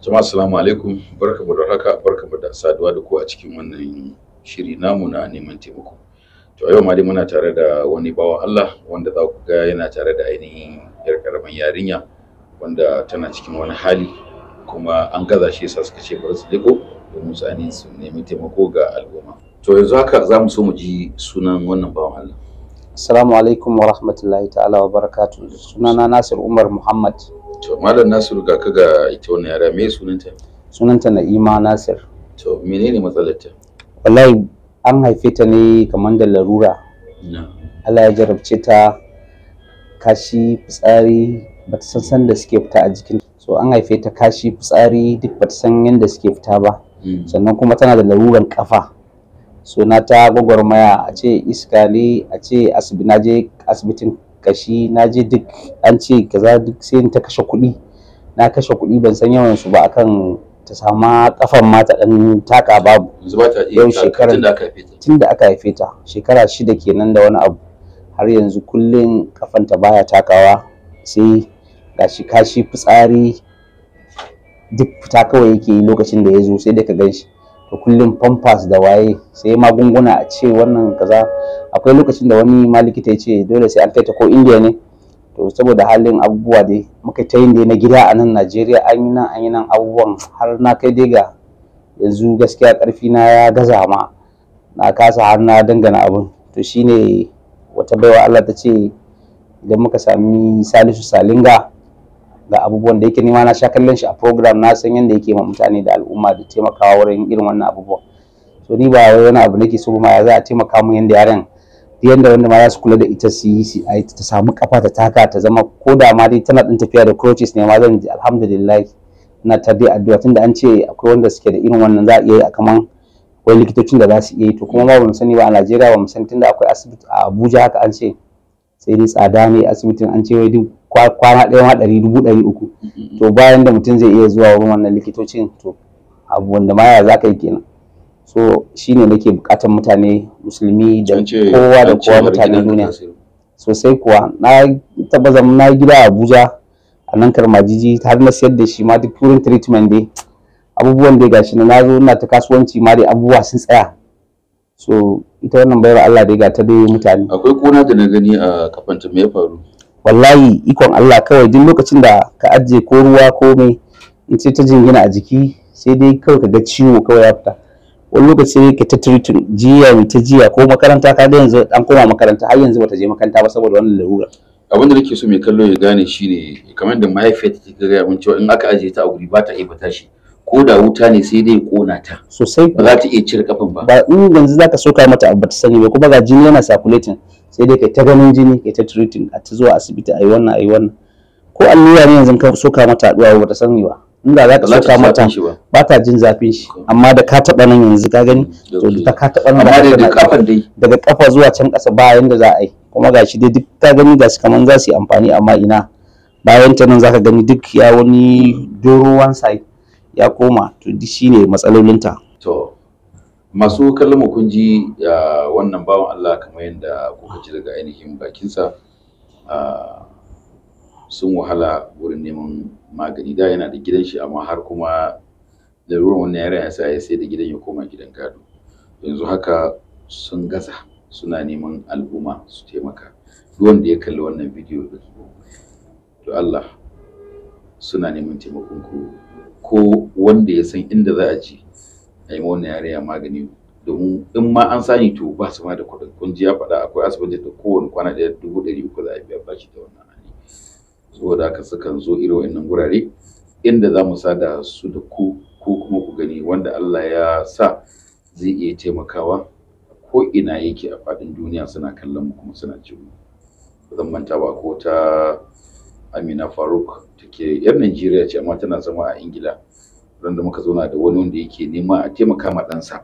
jama'a assalamu alaikum barkamu da haka barkamu da saduwa da ku a cikin wannan shiri namu na neman taimako to yau ma dai muna tare da wani bawan Allah wanda za ku ga yana tare da ainihin yar karaman yarinya wanda tana cikin wani hali kuma an gaza shi yasa suka ce bari su leko domin su ainihin su nemi taimako ga al'umma to yanzu haka za mu so mu ji sunan wannan bawan Allah assalamu alaikum wa rahmatullahi ta'ala wa barakatuh sunana Nasir Umar Muhammad to malam nasiru ga ka ga ita wannan yara me sunanta sunanta na'ima nasir to menene matsalar ta wallahi an haife ta ne kamar da larura Allah ya jarabce ta kashi fitsari bata san san da suke fita a jikin so an haife ta kashi fitsari duk bata san yadda suke fita ba mm. sannan kuma tana da laruran kafa so na ta gwagwarmaya a ce iska ne a ce asibiti na je asibitin kashi na je duk an ce kaza duk sai ta kashe kuɗi na kashe kuɗi ban san yawan su ba akan ta sama kafan mata ta dan taka babu yau shekara tun da aka haife ta shekara shida kenan da wani abu har yanzu kafan ta baya takawa sai gashi kashi fitsari duk fita kawai yake yi lokacin da ya zo sai dai ka gan shi da kullum pampers da waye sai magunguna a ce wannan kaza akwai lokacin da wani ma likita ya ce dole sai an kaita ko indiya ne to saboda halin abubuwa dai muka ta yin dai na gida a nan najeriya an yi nan an yi nan abubuwan har na kai dai ga yanzu gaskiya karfi na ya gaza ma na kasa har na dangana abun to shine wata baiwa allah ta ce idan muka sami salisu salinga ga abubuwan da yake nima na sha kallon shi a program na san yadda yake ma mutane da al'umma da taimakawa wurin irin wannan abubuwa so ni ba wani abu nake so ma ya za a taimaka mu yadda yaran yadda wanda ma za su kula da ita su yi su ta samu kafa ta taka ta zama ko da ma dai tana din tafiya da crutches ne ma zan ji alhamdulillah na ta dai addu'a tunda an ce akwai wanda suke da irin wannan za a iya yi a kaman wani likitocin da za su iya yi to kuma ba mu sani ba a Najeriya ba mu san tunda akwai asibiti a Abuja haka an ce sai dai tsada ne asibitin an ce wai kwana ɗaya ma ɗari dubu ɗari uku to bayan da mutum zai iya zuwa wurin wannan likitocin to abu wanda ma ya za ka yi kenan so shine nake buƙatar mutane musulmi da kowa da kowa mutane duniya sosai kuwa na taɓa zama na gida a abuja a nan karmajiji har na siyar da shi ma duk wurin treatment dai abubuwan dai gashi na zo ina ta kasuwanci ma dai abubuwa sun tsaya so ita wannan bayar Allah dai ga ta dai mutane akwai kona da na gani a kafanta me ya faru wallahi ikon Allah kawai duk lokacin da ka ajiye ko ruwa ko me in ce ta jingina a jiki sai dai kawai ka ga ciwo kawai ya fita wani lokaci sai ka ta tiritin jiya mai ta jiya ko makaranta ka ga yanzu an koma makaranta har yanzu bata je makaranta ba saboda wannan larura abin da nake so mai kallo ya gane shi ne, kamar da mahaifiyar ta ga mun cewa in aka ajiye ta a guri ba ta iya tashi ko da wuta ne sai dai kona ta sosai ba za ta iya cire kafin ba ba in yanzu zaka soka mata abu ta sani ba kuma ga jini yana circulating sai dai kai ta ganin jini kai ta treating a ta zuwa asibiti ayi wannan ayi wannan ko allura ne yanzu ka soka mata addu'a ba ta sani ba in da zaka soka mata ba ta jin zafin shi amma da ka taba nan yanzu ka gani to da ka taba nan amma daga kafan dai daga kafa zuwa can kasa ba yanda za a yi kuma gashi dai duk ka gani gashi kaman za su yi amfani amma ina bayan ta nan zaka gani duk ya wani doruwan one ya koma to duk ne matsalolinta to masu kallon mu kun ji wannan bawan Allah kamar yadda kuka ji daga ainihin bakinsa sun wahala wurin neman magani da yana da gidan shi amma har kuma da ruwan wannan yaran yasa ya sai da gidan ya koma gidan gado yanzu haka sun gaza suna neman al'umma su taimaka duk wanda ya kalli wannan bidiyo din to Allah suna neman taimakon ku ko wanda ya san inda za a ci a yi wannan yarinya magani domin in ma an sani to ba su ma da kuɗin kun ji ya faɗa akwai asibiti da kowane kwana ɗaya dubu ɗari uku za a biya bashi da wannan hali saboda haka sukan zo irin wannan gurare inda za mu sada su da ku ko kuma ku gani wanda Allah ya sa zai iya taimakawa ko ina yake a faɗin duniya suna kallon mu kuma suna jin mu zan manta ba ko ta amina faruk take yar najeriya ce amma tana zama a ingila don da muka zauna da wani wanda yake nema a taimaka ma ɗansa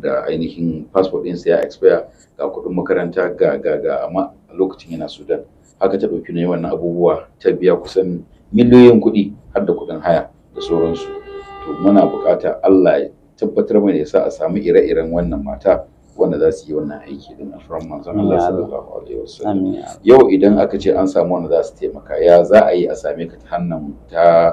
da ainihin passport ɗinsa ya expire ga kuɗin makaranta ga ga ga amma a lokacin yana sudan haka ta ɗauki nauyin wannan abubuwa ta biya kusan miliyoyin kuɗi har da kuɗin haya da sauransu to muna buƙata allah ya tabbatar mana ya sa a samu ire-iren wannan mata wanda za su yi wannan aiki din from manzon Allah sallallahu alaihi wasallam yau idan aka ce an samu wanda za su taimaka ya za a yi a same ka ta hannun ta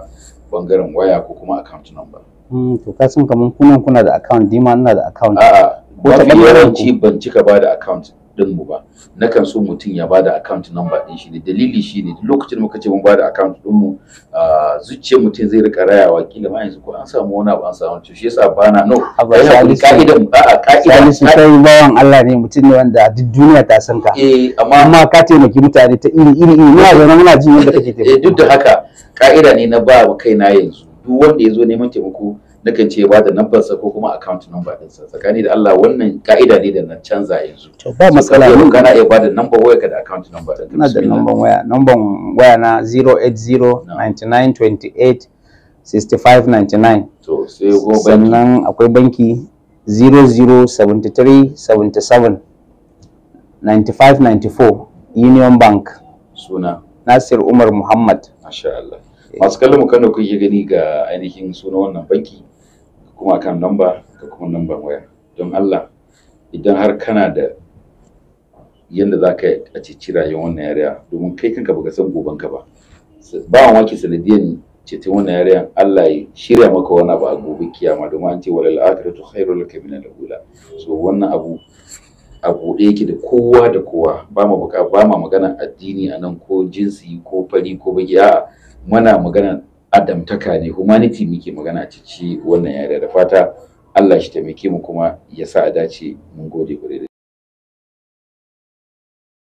bangaren waya ko kuma account number hmm, to ka san kaman kunan kuna da account dima ina da account a'a ko ta yawanci ban cika ba da account din mu ba nakan so mutum ya bada account number din shi ne dalili shi ne lokacin muka ce mun bada account din mu zuciyar mutum zai rika rayawa kila ma yanzu ko an samu wani abu an samu to shi yasa bana no yana ka'idan ba a ka'idan shi kai bawan Allah ne mutum ne wanda duk duniya ta san ka eh amma amma ka taimaki mutane ta iri iri iri ina zaune muna jin yadda kake taimako eh duk da haka ka'ida ne na ba kaina yanzu duk wanda ya zo neman taimako nakan ce ba da numbarsa ko kuma account number ɗinsa tsakani da Allah wannan ka'ida ne da na canza yanzu to ba matsala yanzu kana iya ba da number waya ka da account number ɗinka ina da number waya number waya na 08099286599 to sai go sannan akwai banki 007377 9594 Union Bank suna Nasir Umar Muhammad masha Allah masu kallon mu kano kuke gani ga ainihin sunan wannan banki kuma kan namba ka kuma namban waya don Allah idan har kana da yadda za ka a ceci rayuwar wannan yariya domin kai kanka baka san goban ka ba ba wa wake sanadiyan ceton wannan yariya. Allah ya shirya maka wani abu a gobe kiyama domin an ce walal akhiratu khairul lak min al-ula so wannan abu a buɗe yake da kowa da kowa ba mu ba ma magana addini anan ko jinsi ko fari ko bagi a'a muna magana Adam adamtaka ne humanity muke magana a ciki wannan yare da fata Allah shi taimake mu kuma ya sa a dace mun gode gure da